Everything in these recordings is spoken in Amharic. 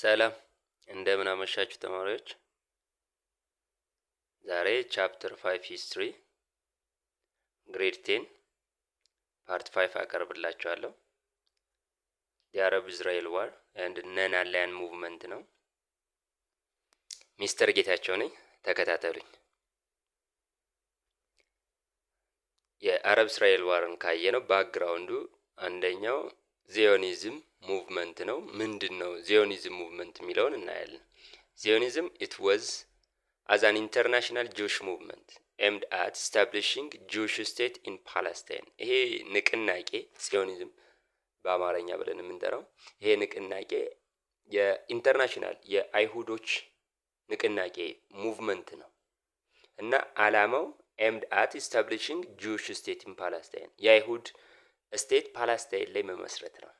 ሰላም እንደምን አመሻችሁ ተማሪዎች። ዛሬ ቻፕተር 5 ሂስትሪ ግሬድ 10 ፓርት 5 አቀርብላችኋለሁ። የአረብ እስራኤል ዋር አንድ ነን አላያን ሙቭመንት ነው። ሚስተር ጌታቸው ነኝ፣ ተከታተሉኝ። የአረብ እስራኤል ዋርን ካየ ነው ባክግራውንዱ አንደኛው ዚዮኒዝም ሙቭመንት ነው። ምንድን ነው ዚዮኒዝም ሙቭመንት የሚለውን እናያለን። ዚዮኒዝም ኢት ወዝ አዝ አን ኢንተርናሽናል ጆሽ ሙቭመንት ኤምድ አት ስታብሊሽንግ ጆሽ ስቴት ኢን ፓለስታይን። ይሄ ንቅናቄ ጽዮኒዝም በአማርኛ ብለን የምንጠራው ይሄ ንቅናቄ የኢንተርናሽናል የአይሁዶች ንቅናቄ ሙቭመንት ነው እና አላማው ኤምድ አት ስታብሊሽንግ ጆሽ ስቴት ኢን ፓለስታይን የአይሁድ ስቴት ፓለስታይን ላይ መመስረት ነው።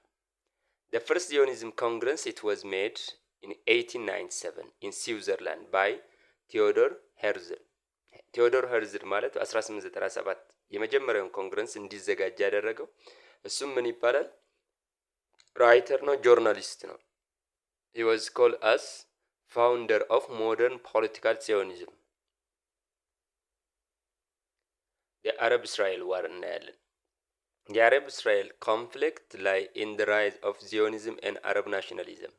The first Zionism Congress it was made in 1897 in Switzerland by ቴዎዶር ሄርዝል ቴዎዶር ሄርዝል ማለት 1897 የመጀመሪያውን ኮንግረንስ እንዲዘጋጅ ያደረገው እሱም ምን ይባላል? ራይተር ነው፣ ጆርናሊስት ነው። ሂ ዋዝ ኮል አስ ፋውንደር ኦፍ ሞደርን ፖለቲካል ዚዮኒዝም የአረብ እስራኤል ዋር እናያለን። የአረብ እስራኤል ኮንፍሊክት ላይ ኢን ዘ ራይዝ ኦፍ ዚዮኒዝም ኤን አረብ ናሽናሊዝም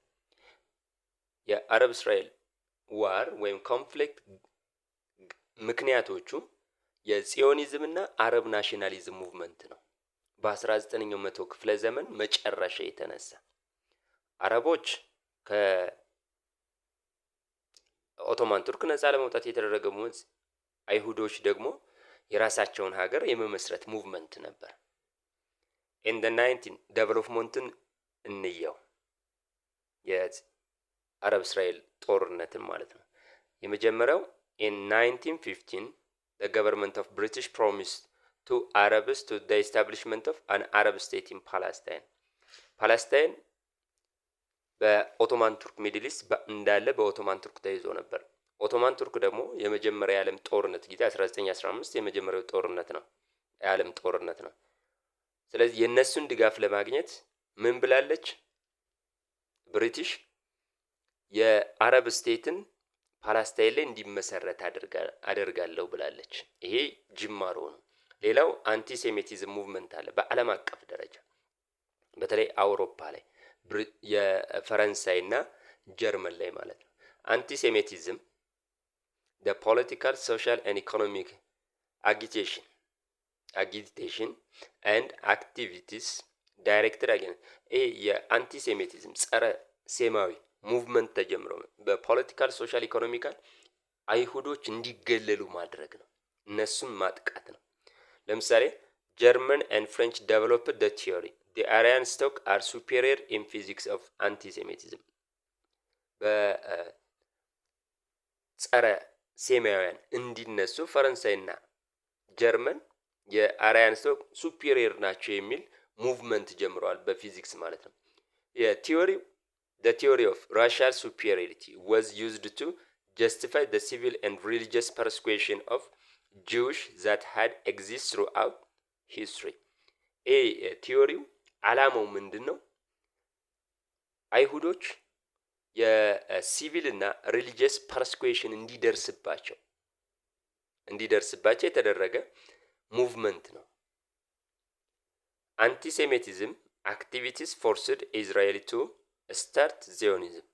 የአረብ እስራኤል ዋር ወይም ኮንፍሊክት ምክንያቶቹ የጽዮኒዝምና አረብ ናሽናሊዝም ሙቭመንት ነው በአስራ 19 መቶ ክፍለ ዘመን መጨረሻ የተነሳ አረቦች ከኦቶማን ቱርክ ነጻ ለመውጣት የተደረገ አይሁዶች ደግሞ የራሳቸውን ሀገር የመመስረት ሙቭመንት ነበር። ኢን ናይንቲን ዴቨሎፕመንትን እንየው የአረብ እስራኤል ጦርነትን ማለት ነው። የመጀመሪያው ኢን ናይንቲን ፊፍቲን ዘ ገቨርንመንት ኦፍ ብሪቲሽ ፕሮሚስ ቱ አረብስ ቱ ዘ ኢስታብሊሽመንት ኦፍ አን አረብ ስቴት ኢን ፓላስታይን ፓላስታይን በኦቶማን ቱርክ ሚድል ኢስት እንዳለ በኦቶማን ቱርክ ተይዞ ነበር። ኦቶማን ቱርክ ደግሞ የመጀመሪያ የዓለም ጦርነት ጊዜ 1915 የመጀመሪያው ጦርነት ነው የዓለም ጦርነት ነው። ስለዚህ የእነሱን ድጋፍ ለማግኘት ምን ብላለች ብሪቲሽ የአረብ ስቴትን ፓላስታይን ላይ እንዲመሰረት አደርጋለሁ ብላለች። ይሄ ጅማሮ ነው። ሌላው አንቲሴሚቲዝም ሙቭመንት አለ በዓለም አቀፍ ደረጃ በተለይ አውሮፓ ላይ የፈረንሳይና ጀርመን ላይ ማለት ነው። አንቲሴሜቲዝም ፖለቲካል ሶሻል ኤንድ ኢኮኖሚክ አጊቴሽን አጊቴሽን ኤንድ አክቲቪቲስ ዳይሬክትድ አጌን ይሄ የአንቲሴሜቲዝም ጸረ ሴማዊ ሙቭመንት ተጀምሮ በፖለቲካል ሶሻል፣ ኢኮኖሚካል አይሁዶች እንዲገለሉ ማድረግ ነው። እነሱን ማጥቃት ነው። ለምሳሌ ጀርመን ኤንድ ፍሬንች ዴቨሎፕ ደ ቲዮሪ ዲ አሪያን ስቶክ አር ሱፔሪየር ኢን ፊዚክስ ኦፍ አንቲሴሜቲዝም በጸረ ሴማውያን እንዲነሱ ፈረንሳይና ጀርመን የአራያን ስቶክ ሱፒሪየር ናቸው የሚል ሙቭመንት ጀምረዋል በፊዚክስ ማለት ነው። የቲዮሪው ዘ ቲዮሪ ኦፍ ራሻል ሱፒሪየሪቲ ወዝ ዩዝድ ቱ ጀስቲፋይ ደ ሲቪል ኤንድ ሪሊጂየስ ፐርስኩሽን ኦፍ ጂውሽ ዛት ሃድ ኤግዚስት ትሩ አውት ሂስትሪ። ይህ ቲዮሪው አላማው ምንድን ነው? አይሁዶች የሲቪል እና ሪሊጂየስ ፐርስኩሽን እንዲደርስባቸው እንዲደርስባቸው የተደረገ ሙቭመንት ነው። አንቲሴሜቲዝም አክቲቪቲስ ፎርስድ ኢዝራኤል ቱ ስታርት ዚዮኒዝም።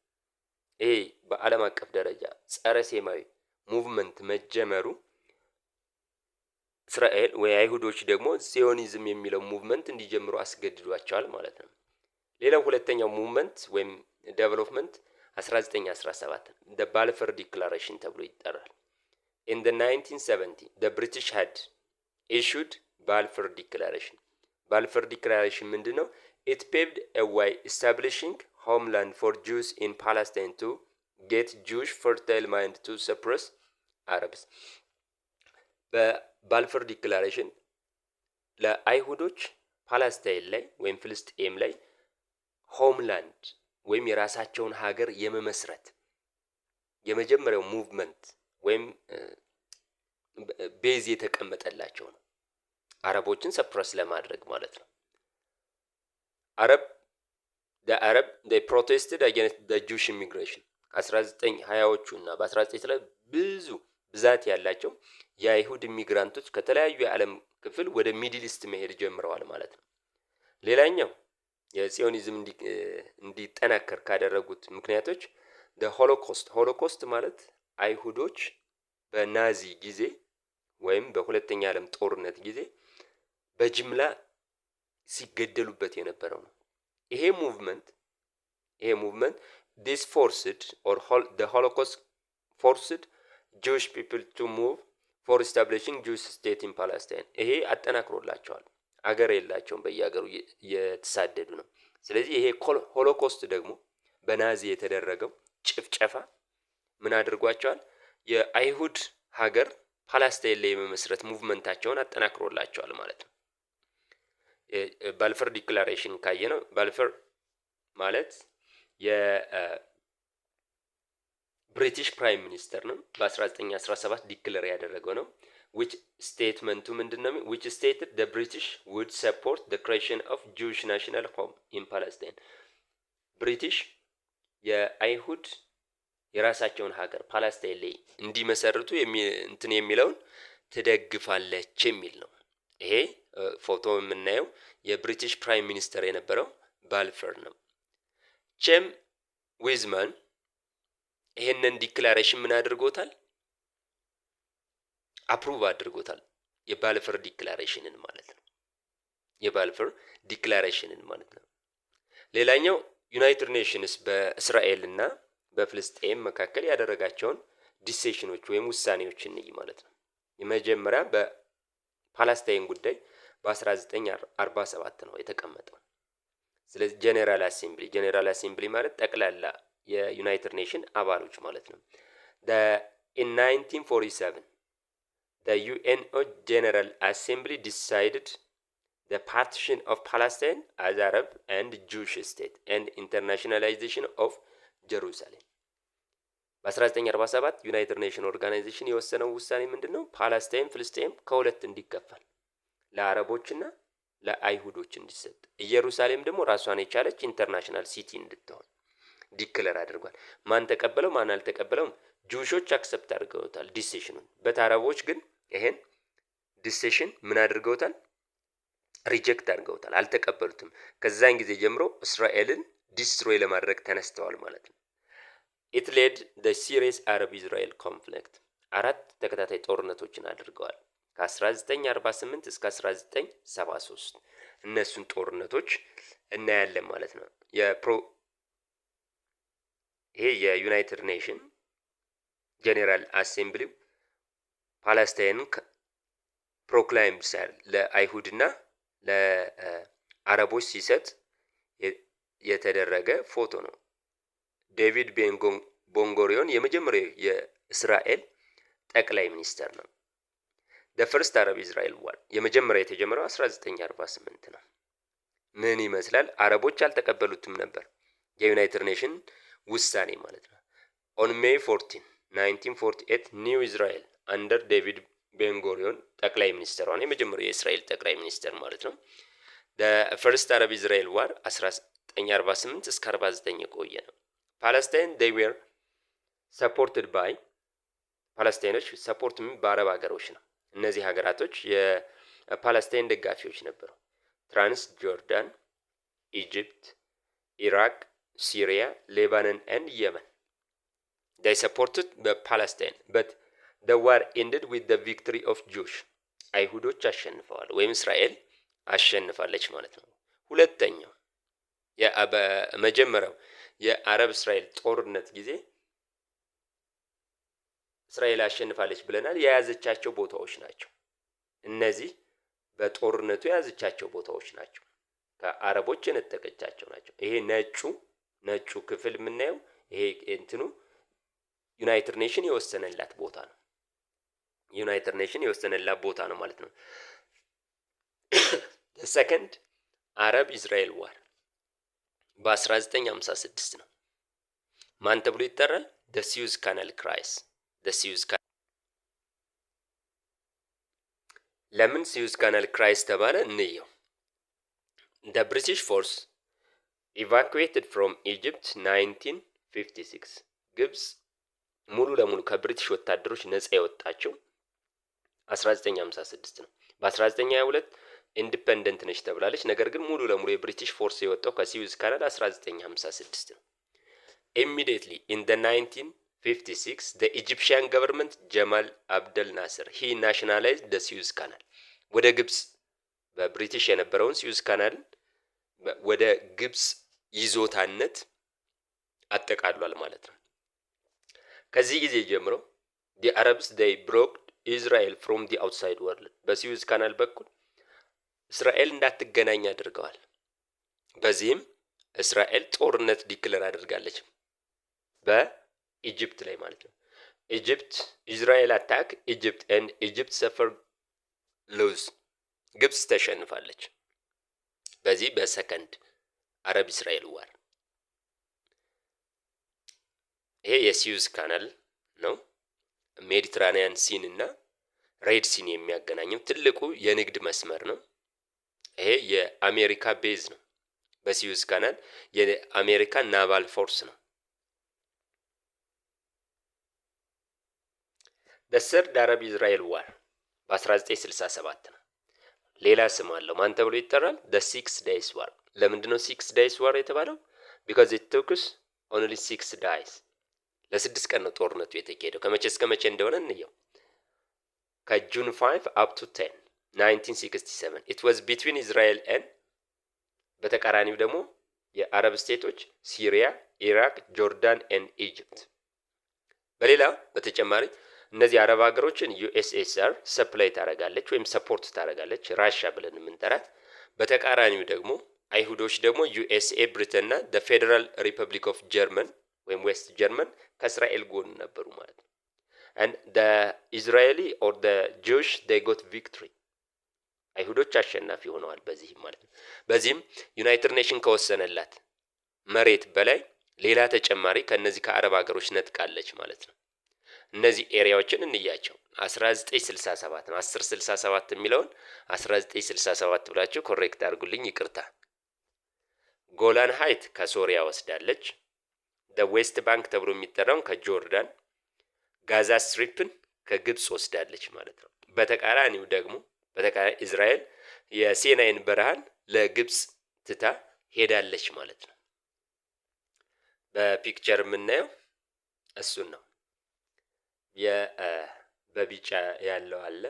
ይሄ በዓለም አቀፍ ደረጃ ጸረ ሴማዊ ሙቭመንት መጀመሩ እስራኤል ወይ አይሁዶች ደግሞ ዚዮኒዝም የሚለው ሙቭመንት እንዲጀምሩ አስገድዷቸዋል ማለት ነው። ሌላው ሁለተኛው ሙቭመንት ወይም ዴቨሎፕመንት 1917 ደ ባልፈር ዲክላሬሽን ተብሎ ይጠራል። ኢን ዘ 1970 ዘ ብሪቲሽ ሃድ ኢሹድ ባልፎር ዲክላሬሽን ባልፎር ዲክላሬሽን ምንድን ነው? ኢት ፔቭድ ኤ ዌይ ኢስታብሊሽንግ ሆምላንድ ፎር ጁስ ኢን ፓለስታይን ቱ ጌት ጁሽ ፈርታይል ማይንድ ቱ ሰፕረስ አረብስ። በባልፎር ዲክላሬሽን ለአይሁዶች ፓለስታይን ላይ ወይም ፍልስጤም ላይ ሆምላንድ ወይም የራሳቸውን ሀገር የመመስረት የመጀመሪያው ሙቭመንት ወይም ቤዝ uh, የተቀመጠላቸው ነው። አረቦችን ሰፕረስ ለማድረግ ማለት ነው። አረብ አረብ ፕሮቴስትድ ደ ጁሽ ኢሚግሬሽን ከ1920ዎቹ እና በ19 ላይ ብዙ ብዛት ያላቸው የአይሁድ ኢሚግራንቶች ከተለያዩ የዓለም ክፍል ወደ ሚድል ኢስት መሄድ ጀምረዋል ማለት ነው። ሌላኛው የጽዮኒዝም እንዲጠናከር ካደረጉት ምክንያቶች ሆሎኮስት ሆሎኮስት ማለት አይሁዶች በናዚ ጊዜ ወይም በሁለተኛ ዓለም ጦርነት ጊዜ በጅምላ ሲገደሉበት የነበረው ነው። ይሄ ሙቭመንት ይሄ ሙቭመንት ዲስ ፎርስድ ኦር ሆሎኮስት ፎርስድ ጂዊሽ ፒፕል ቱ ሙቭ ፎር ኢስታብሊሽንግ ጂዊሽ ስቴት ኢን ፓላስታይን። ይሄ አጠናክሮላቸዋል። አገር የላቸውም፣ በየሀገሩ እየተሳደዱ ነው። ስለዚህ ይሄ ሆሎኮስት ደግሞ በናዚ የተደረገው ጭፍጨፋ ምን አድርጓቸዋል? የአይሁድ ሀገር ፓላስታይን ላይ የመመስረት ሙቭመንታቸውን አጠናክሮላቸዋል ማለት ነው። የባልፈር ዲክላሬሽን ካየ ነው ባልፈር ማለት የብሪቲሽ ፕራይም ሚኒስተር ነው። በ1917 ዲክለር ያደረገው ነው። ዊች ስቴትመንቱ ምንድን ነው? ዊች ስቴትድ ደ ብሪቲሽ ውድ ሰፖርት ደ ክሬሽን ኦፍ ጁዊሽ ናሽናል ሆም ኢን ፓለስታይን ብሪቲሽ የአይሁድ የራሳቸውን ሀገር ፓለስታይን ላይ እንዲመሰርቱ እንትን የሚለውን ትደግፋለች የሚል ነው ይሄ ፎቶ የምናየው የብሪቲሽ ፕራይም ሚኒስተር የነበረው ባልፈር ነው። ቼም ዊዝማን ይሄንን ዲክላሬሽን ምን አድርጎታል? አፕሩቭ አድርጎታል። የባልፈር ዲክላሬሽንን ማለት ነው። የባልፈር ዲክላሬሽንን ማለት ነው። ሌላኛው ዩናይትድ ኔሽንስ በእስራኤል እና በፍልስጤም መካከል ያደረጋቸውን ዲሴሽኖች ወይም ውሳኔዎች እንይ ማለት ነው። የመጀመሪያ በፓላስታይን ጉዳይ በ1947 ነው የተቀመጠው። ስለዚህ ጄኔራል አሴምብሊ ጄኔራል አሴምብሊ ማለት ጠቅላላ የዩናይትድ ኔሽን አባሎች ማለት ነው። ኢን 1947 ዩኤንኦ ጄኔራል አሴምብሊ ዲሳይድድ ፓርቲሽን ኦፍ ፓላስታይን አዝ አረብ ኤንድ ጁሽ ስቴት ኤንድ ኢንተርናሽናላይዜሽን ኦፍ ጀሩሳሌም። በ1947 ዩናይትድ ኔሽን ኦርጋናይዜሽን የወሰነው ውሳኔ ምንድን ነው? ፓላስታይን ፍልስጤም ከሁለት እንዲከፈል ለአረቦችና ለአይሁዶች እንዲሰጥ ኢየሩሳሌም ደግሞ ራሷን የቻለች ኢንተርናሽናል ሲቲ እንድትሆን ዲክለር አድርጓል። ማን ተቀበለው ማን አልተቀበለውም? ጁሾች አክሰፕት አድርገውታል ዲሲሽኑን። በት አረቦች ግን ይሄን ዲሲሽን ምን አድርገውታል? ሪጀክት አድርገውታል፣ አልተቀበሉትም። ከዛን ጊዜ ጀምሮ እስራኤልን ዲስትሮይ ለማድረግ ተነስተዋል ማለት ነው። ኢት ሌድ ደ ሲሪየስ አረብ ኢዝራኤል ኮንፍሊክት አራት ተከታታይ ጦርነቶችን አድርገዋል። ከ1948 እስከ 1973 እነሱን ጦርነቶች እናያለን ማለት ነው። የፕሮ ይሄ የዩናይትድ ኔሽን ጄኔራል አሴምብሊው ፓላስታይን ፕሮክላይም ሲያል ለአይሁድና ለአረቦች ሲሰጥ የተደረገ ፎቶ ነው። ዴቪድ ቤን የመጀመሪያው የእስራኤል ጠቅላይ ሚኒስተር ነው። ፈርስት አረብ ኢዝራኤል ዋር የመጀመሪያ የተጀመረው 1948 ነው። ምን ይመስላል? አረቦች አልተቀበሉትም ነበር የዩናይትድ ኔሽን ውሳኔ ማለት ነው። ኦን ሜይ 14 1948 ኒው ኢዝራኤል አንደር ዴቪድ ቤንጎሪዮን ጠቅላይ ሚኒስትር ሆነ። የመጀመሪያው የእስራኤል ጠቅላይ ሚኒስትር ማለት ነው። ፈርስት አረብ ኢዝራኤል ዋር 1948 እስከ 49 የቆየ ነው። ፓለስታይን ዴይ ዌር ሰፖርትድ ባይ ፓለስታይኖች ሰፖርት በአረብ ሀገሮች ነው እነዚህ ሀገራቶች የፓለስታይን ደጋፊዎች ነበሩ። ትራንስ ጆርዳን፣ ኢጅፕት፣ ኢራቅ፣ ሲሪያ፣ ሌባኖን ኤንድ የመን ዳይ ሰፖርትድ በፓለስታይን በት ደ ዋር ኤንድድ ዊት ደ ቪክትሪ ኦፍ ጆሽ አይሁዶች አሸንፈዋል ወይም እስራኤል አሸንፋለች ማለት ነው። ሁለተኛው መጀመሪያው የአረብ እስራኤል ጦርነት ጊዜ እስራኤል አሸንፋለች ብለናል። የያዘቻቸው ቦታዎች ናቸው እነዚህ በጦርነቱ የያዘቻቸው ቦታዎች ናቸው። ከአረቦች የነጠቀቻቸው ናቸው። ይሄ ነጩ ነጩ ክፍል የምናየው ይሄ እንትኑ ዩናይትድ ኔሽን የወሰነላት ቦታ ነው። ዩናይትድ ኔሽን የወሰነላት ቦታ ነው ማለት ነው። ሰከንድ አረብ ኢዝራኤል ዋር በ1956 ነው። ማን ተብሎ ይጠራል? ደስዩዝ ካናል ክራይስ ለሲዩዝ ለምን ሲዩዝ ካናል ክራይስ ተባለ? እንየው። ደ ብሪቲሽ ፎርስ ኢቫኩዌትድ ፍሮም ኢጅፕት 1956 ግብጽ ሙሉ ለሙሉ ከብሪቲሽ ወታደሮች ነጻ የወጣችው 1956 ነው። በ1922 ኢንዲፐንደንት ነች ተብላለች። ነገር ግን ሙሉ ለሙሉ የብሪቲሽ ፎርስ የወጣው ከሲዩዝ ካናል 1956 ነው። ኢሚዲየትሊ ኢን ደ 19 56 the Egyptian government ጀማል አብደል ናስር he nationalized the Suez Canal ወደ ግብጽ በብሪቲሽ የነበረውን ስዊዝ ካናል ወደ ግብጽ ይዞታነት አጠቃሏል ማለት ነው። ከዚህ ጊዜ ጀምሮ ዲ አረብስ ዴይ ብሮክ ኢዝራኤል ፍሮም ዲ አውትሳይድ ወርልድ በስዊዝ ካናል በኩል እስራኤል እንዳትገናኝ አድርገዋል። በዚህም እስራኤል ጦርነት ዲክለር አድርጋለች በ ኢጅፕት ላይ ማለት ነው። ኢጅፕት ኢዝራኤል አታክ ኢጅፕት ኤንድ ኢጅፕት ሰፈር ሉዝ ግብጽ ተሸንፋለች። በዚህ በሰከንድ አረብ እስራኤል ዋር ይሄ የሲዩዝ ካናል ነው። ሜዲትራኒያን ሲን እና ሬድ ሲን የሚያገናኘው ትልቁ የንግድ መስመር ነው። ይሄ የአሜሪካ ቤዝ ነው። በሲዩዝ ካናል የአሜሪካ ናቫል ፎርስ ነው። በሰርድ ዳረብ ኢዝራኤል ዋር በ1967 ነው። ሌላ ስም አለው። ማን ተብሎ ይጠራል? ደ ሲክስ ዳይስ ዋር። ነው ሲክስ ዳይስ ዋር የተባለው? ቢካዝ ኢት ቶክስ ኦንሊ ሲክስ ዳይስ። ለስድስት ቀን ነው ጦርነቱ የተካሄደው። ከመቼ እስከ መቼ እንደሆነ እንየው። ከጁን 5 አፕ ቱ 10 1967 ኢት ዋዝ ቢትዊን ኢዝራኤል ኤን በተቃራኒው ደግሞ የአረብ ስቴቶች ሲሪያ፣ ኢራቅ፣ ጆርዳን ኤን ኢጅፕት በሌላ በተጨማሪ እነዚህ አረብ ሀገሮችን ዩኤስኤስአር ሰፕላይ ታደርጋለች ወይም ሰፖርት ታረጋለች ራሻ ብለን የምንጠራት። በተቃራኒው ደግሞ አይሁዶች ደግሞ ዩኤስኤ ብሪተንና ፌዴራል ሪፐብሊክ ኦፍ ጀርመን ወይም ዌስት ጀርመን ከእስራኤል ጎን ነበሩ ማለት ነው። ኢዝራኤሊ ኦር ጂውሽ ዴይ ጎት ቪክትሪ አይሁዶች አሸናፊ ሆነዋል። በዚህም ማለት ነው። በዚህም ዩናይትድ ኔሽን ከወሰነላት መሬት በላይ ሌላ ተጨማሪ ከእነዚህ ከአረብ ሀገሮች ነጥቃለች ማለት ነው። እነዚህ ኤሪያዎችን እንያቸው 1967 ነው 1067 የሚለውን 1967 ብላችሁ ኮሬክት አድርጉልኝ ይቅርታ ጎላን ሀይት ከሶሪያ ወስዳለች ደ ዌስት ባንክ ተብሎ የሚጠራውን ከጆርዳን ጋዛ ስትሪፕን ከግብፅ ወስዳለች ማለት ነው በተቃራኒው ደግሞ በተቃራኒ እስራኤል የሲናይን በረሃን ለግብፅ ትታ ሄዳለች ማለት ነው በፒክቸር የምናየው እሱን ነው በቢጫ ያለው አለ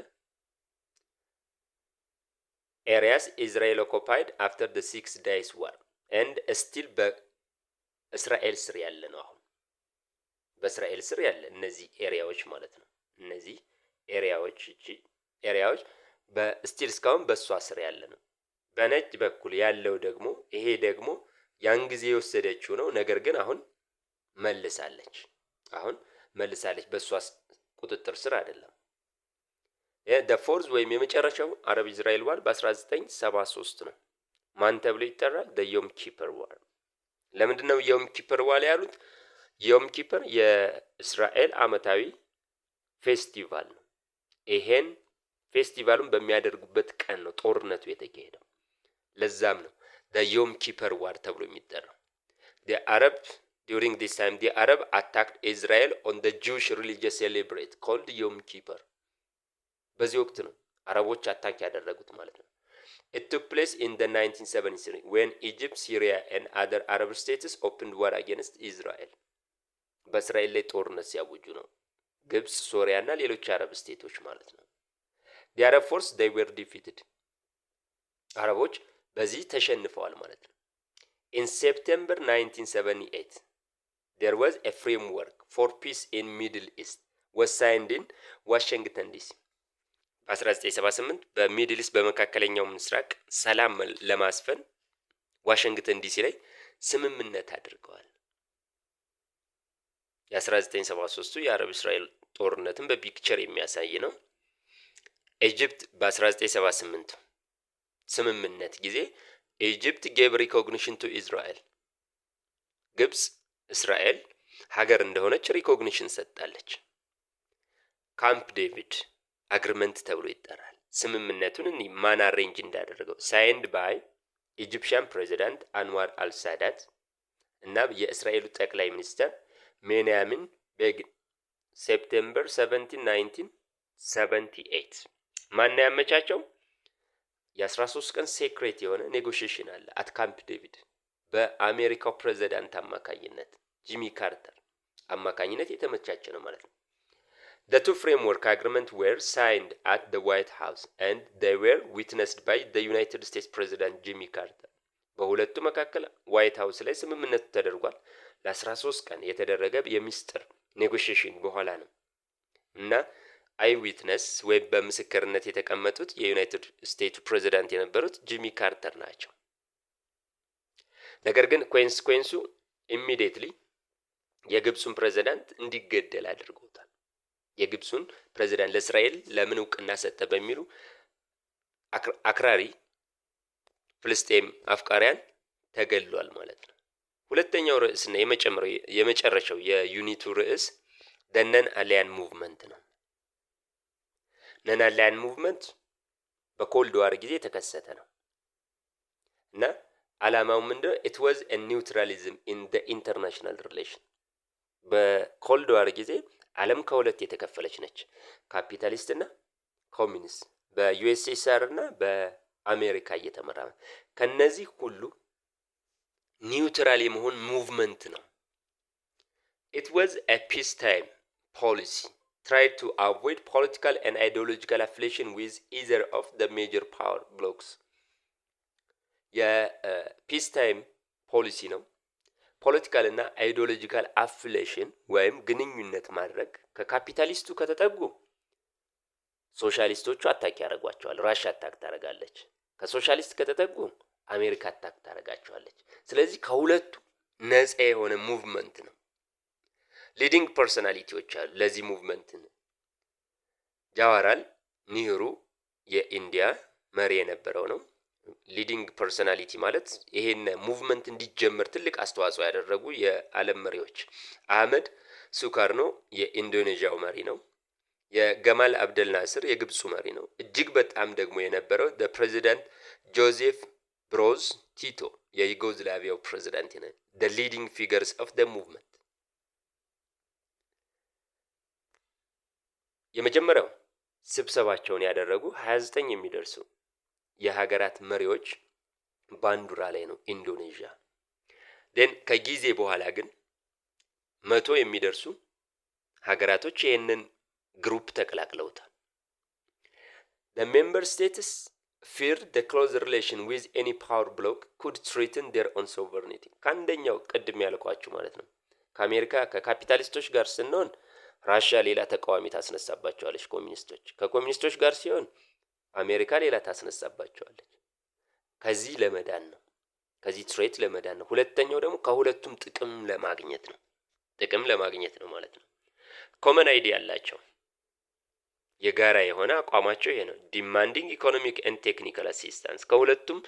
ኤሪያስ ኢዝራኤል ኦኮፓይድ አፍተር ደ ሲክስ ዳይስ ዋር ኤንድ ስቲል በእስራኤል ስር ያለ ነው። አሁን በእስራኤል ስር ያለ እነዚህ ኤሪያዎች ማለት ነው። እነዚህ ኤሪያዎች እቺ ኤሪያዎች በስቲል እስካሁን በእሷ ስር ያለ ነው። በነጭ በኩል ያለው ደግሞ ይሄ ደግሞ ያን ጊዜ የወሰደችው ነው። ነገር ግን አሁን መልሳለች አሁን መልሳለች። በእሷ ቁጥጥር ስር አይደለም። ደ ፎርዝ ወይም የመጨረሻው አረብ እስራኤል ዋር በ1973 ነው። ማን ተብሎ ይጠራል? የዮም ኪፐር ዋር። ለምንድን ነው ዮም ኪፐር ዋር ያሉት? ዮም ኪፐር የእስራኤል አመታዊ ፌስቲቫል ነው። ይሄን ፌስቲቫሉን በሚያደርጉበት ቀን ነው ጦርነቱ የተካሄደው። ለዛም ነው ደ ዮም ኪፐር ዋር ተብሎ የሚጠራው አረብ During this time, the Arab attacked Israel on the Jewish religious celebrate called Yom Kippur። በዚህ ወቅት ነው አረቦች አታክ ያደረጉት ማለት ነው። It took place in the 1973 when Egypt, Syria and other Arab states opened war against Israel። በእስራኤል ላይ ጦርነት ሲያውጁ ነው ግብጽ፣ ሶሪያ እና ሌሎች አረብ ስቴቶች ማለት ነው። the Arab force they were defeated። አረቦች በዚህ ተሸንፈዋል ማለት ነው። in September 1978 ዴር ዋዝ ኤ ፍሬምወርክ ፎር ፒስ ኢን ሚድል ኢስት ወሳይንድ ኢን ዋሽንግተን ዲሲ በ1978 በሚድል ኢስት በመካከለኛው ምስራቅ ሰላም ለማስፈን ዋሽንግተን ዲሲ ላይ ስምምነት አድርገዋል። የ1973ቱ የአረብ እስራኤል ጦርነትን በፒክቸር የሚያሳይ ነው። ኢጅፕት በ1978 ስምምነት ጊዜ ኢጅፕት ጌቭ ሪኮግኒሽን ቱ ኢዝራኤል ግብፅ እስራኤል ሀገር እንደሆነች ሪኮግኒሽን ሰጣለች። ካምፕ ዴቪድ አግሪመንት ተብሎ ይጠራል። ስምምነቱን እኒ ማን አሬንጅ እንዳደረገው ሳይንድ ባይ ኢጂፕሽያን ፕሬዚዳንት አንዋር አልሳዳት እና የእስራኤሉ ጠቅላይ ሚኒስትር ሜንያሚን ቤግን ሴፕቴምበር 17 1978። ማን ያመቻቸው? የ13 ቀን ሴክሬት የሆነ ኔጎሽሽን አለ አት ካምፕ ዴቪድ በአሜሪካው ፕሬዚዳንት አማካኝነት ጂሚ ካርተር አማካኝነት የተመቻቸ ነው ማለት ነው። The two framework agreement were signed at the White House and they were witnessed by the United States President Jimmy Carter. በሁለቱ መካከል ዋይት ሀውስ ላይ ስምምነቱ ተደርጓል። ለ13 ቀን የተደረገ የሚስጥር ኔጎሽሽን በኋላ ነው እና አይ ዊትነስ ወይም በምስክርነት የተቀመጡት የዩናይትድ ስቴትስ ፕሬዚዳንት የነበሩት ጂሚ ካርተር ናቸው። ነገር ግን ኮንስኮንሱ ኢሚዲየትሊ የግብፁን ፕሬዚዳንት እንዲገደል አድርጎታል። የግብፁን ፕሬዚዳንት ለእስራኤል ለምን እውቅና ሰጠ በሚሉ አክራሪ ፍልስጤም አፍቃሪያን ተገሏል ማለት ነው። ሁለተኛው ርዕስና የመጨረሻው የዩኒቱ ርዕስ ደነን አሊያን ሙቭመንት ነው። ነን አሊያን ሙቭመንት በኮልድ ዋር ጊዜ የተከሰተ ነው እና አላማው ምንድነው? ኢት ኒውትራሊዝም ኢን ኢንተርናሽናል ሪሌሽን። በኮልድ ዋር ጊዜ አለም ከሁለት የተከፈለች ነች፣ ካፒታሊስት እና ኮሚኒስት በዩኤስኤስአር እና በአሜሪካ እየተመራ ከነዚህ ሁሉ ኒውትራል የመሆን ሙቭመንት ነው። ኢት ወዝ ፒስ ታይም ፖሊሲ ትራይ ቱ አቮይድ ፖለቲካል ን አይዲዮሎጂካል አፍሌሽን ዊዝ ኢዘር ኦፍ ሜጀር ፓወር ብሎክስ የፒስ ታይም ፖሊሲ ነው። ፖለቲካል አይዲዮሎጂካል አፍሌሽን ወይም ግንኙነት ማድረግ ከካፒታሊስቱ ከተጠጉ ሶሻሊስቶቹ አታክ ያደርጓቸዋል። ራሽያ አታክ ታደርጋለች። ከሶሻሊስት ከተጠጉ አሜሪካ አታክ ታደርጋቸዋለች። ስለዚህ ከሁለቱ ነፃ የሆነ ሙቭመንት ነው። ሊዲንግ ፐርሶናሊቲዎች አሉ ለዚህ ሙቭመንት ነው። ጃዋራል ኒህሩ የኢንዲያ መሪ የነበረው ነው። ሊዲንግ ፐርሶናሊቲ ማለት ይሄን ሙቭመንት እንዲጀመር ትልቅ አስተዋጽኦ ያደረጉ የዓለም መሪዎች አህመድ ሱካርኖ የኢንዶኔዥያው መሪ ነው። የገማል አብደል ናስር የግብፁ መሪ ነው። እጅግ በጣም ደግሞ የነበረው ፕሬዚዳንት ጆዜፍ ብሮዝ ቲቶ የዩጎዝላቪያው ፕሬዚዳንት ነ ሊዲንግ ፊገርስ ኦፍ ደ ሙቭመንት የመጀመሪያው ስብሰባቸውን ያደረጉ ዘጠኝ የሚደርሱ የሀገራት መሪዎች ባንዱራ ላይ ነው ኢንዶኔዥያ። ደን ከጊዜ በኋላ ግን መቶ የሚደርሱ ሀገራቶች ይህንን ግሩፕ ተቀላቅለውታል። ለሜምበር ስቴትስ ፊር ደ ክሎዝ ሪሌሽን ዊዝ ኤኒ ፓወር ብሎክ ኩድ ትሪትን ዴር ኦን ሶቨርኒቲ ከአንደኛው ቅድም ያልኳችሁ ማለት ነው ከአሜሪካ ከካፒታሊስቶች ጋር ስንሆን ራሽያ ሌላ ተቃዋሚ ታስነሳባቸዋለች። ኮሚኒስቶች ከኮሚኒስቶች ጋር ሲሆን አሜሪካ ሌላ ታስነሳባቸዋለች። ከዚህ ለመዳን ነው። ከዚህ ትሬት ለመዳን ነው። ሁለተኛው ደግሞ ከሁለቱም ጥቅም ለማግኘት ነው። ጥቅም ለማግኘት ነው ማለት ነው። ኮመን አይዲ ያላቸው የጋራ የሆነ አቋማቸው ይሄ ነው። ዲማንዲንግ ኢኮኖሚክ ኤንድ ቴክኒካል አሲስታንስ ከሁለቱም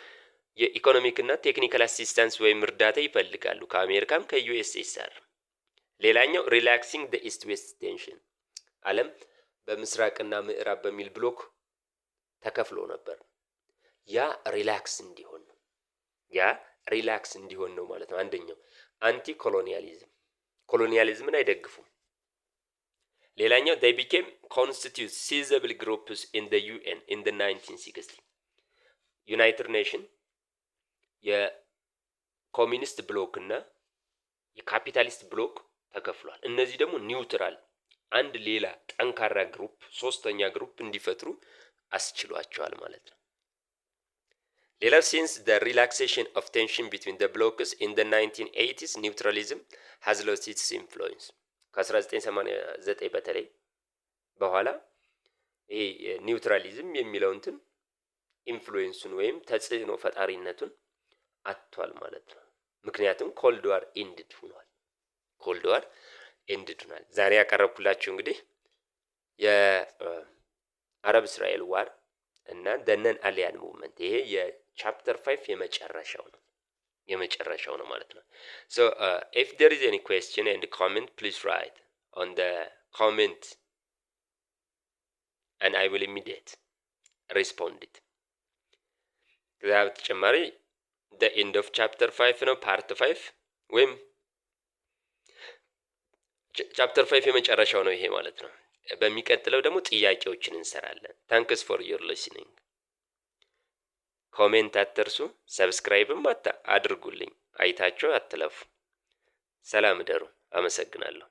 የኢኮኖሚክና ቴክኒካል አሲስታንስ ወይም እርዳታ ይፈልጋሉ ከአሜሪካም ከዩኤስኤስአር። ሌላኛው ሪላክሲንግ ዘ ኢስት ዌስት ቴንሽን ዓለም በምስራቅና ምዕራብ በሚል ብሎክ ተከፍሎ ነበር። ያ ሪላክስ እንዲሆን ነው። ያ ሪላክስ እንዲሆን ነው ማለት ነው። አንደኛው አንቲ ኮሎኒያሊዝም ኮሎኒያሊዝምን አይደግፉም። ሌላኛው ዴይ ቢኬም ኮንስቲቱት ሲዘብል ግሩፕስ ኢን ደ ዩኤን ኢን ደ ሲክስቲ ዩናይትድ ኔሽን የኮሚኒስት ብሎክ እና የካፒታሊስት ብሎክ ተከፍሏል። እነዚህ ደግሞ ኒውትራል አንድ ሌላ ጠንካራ ግሩፕ ሶስተኛ ግሩፕ እንዲፈጥሩ አስችሏቸዋል ማለት ነው። ሌላው ሲንስ ዘ ሪላክሴሽን ኦፍ ቴንሽን ቢትዊን ዘ ብሎክስ ኢን ዘ 1980ስ ኒውትራሊዝም ሃዝ ሎስት ኢትስ ኢንፍሉዌንስ ከ1989 በተለይ በኋላ ይሄ ኒውትራሊዝም የሚለው እንትን ኢንፍሉዌንሱን ወይም ተጽዕኖ ፈጣሪነቱን አጥቷል ማለት ነው። ምክንያቱም ኮልድ ዋር ኢንድድ ሆኗል። ኮልድ ዋር ኢንድድ ሆኗል። ዛሬ ያቀረብኩላችሁ እንግዲህ የ አረብ እስራኤል ዋር እና ደነን አሊያን ሙቭመንት ይሄ የቻፕተር ፋይቭ የመጨረሻው ነው የመጨረሻው ነው ማለት ነው። ሶ ኢፍ ዴር ኢዝ ኤኒ ኩዌስችን ኤንድ ኮሜንት ፕሊዝ ራይት ኦን ደ ኮሜንት ኤንድ አይ ዊል ኢሚዲየት ሪስፖንድ ኢት። በተጨማሪ ደ ኤንድ ኦፍ ቻፕተር ፋይቭ ነው ፓርት ፋይቭ ወይም ቻፕተር ፋይቭ የመጨረሻው ነው ይሄ ማለት ነው። በሚቀጥለው ደግሞ ጥያቄዎችን እንሰራለን። ታንክስ ፎር ዩር ሊስኒንግ። ኮሜንት አትርሱ። ሰብስክራይብም አታ አድርጉልኝ። አይታችሁ አትለፉ። ሰላም እደሩ። አመሰግናለሁ።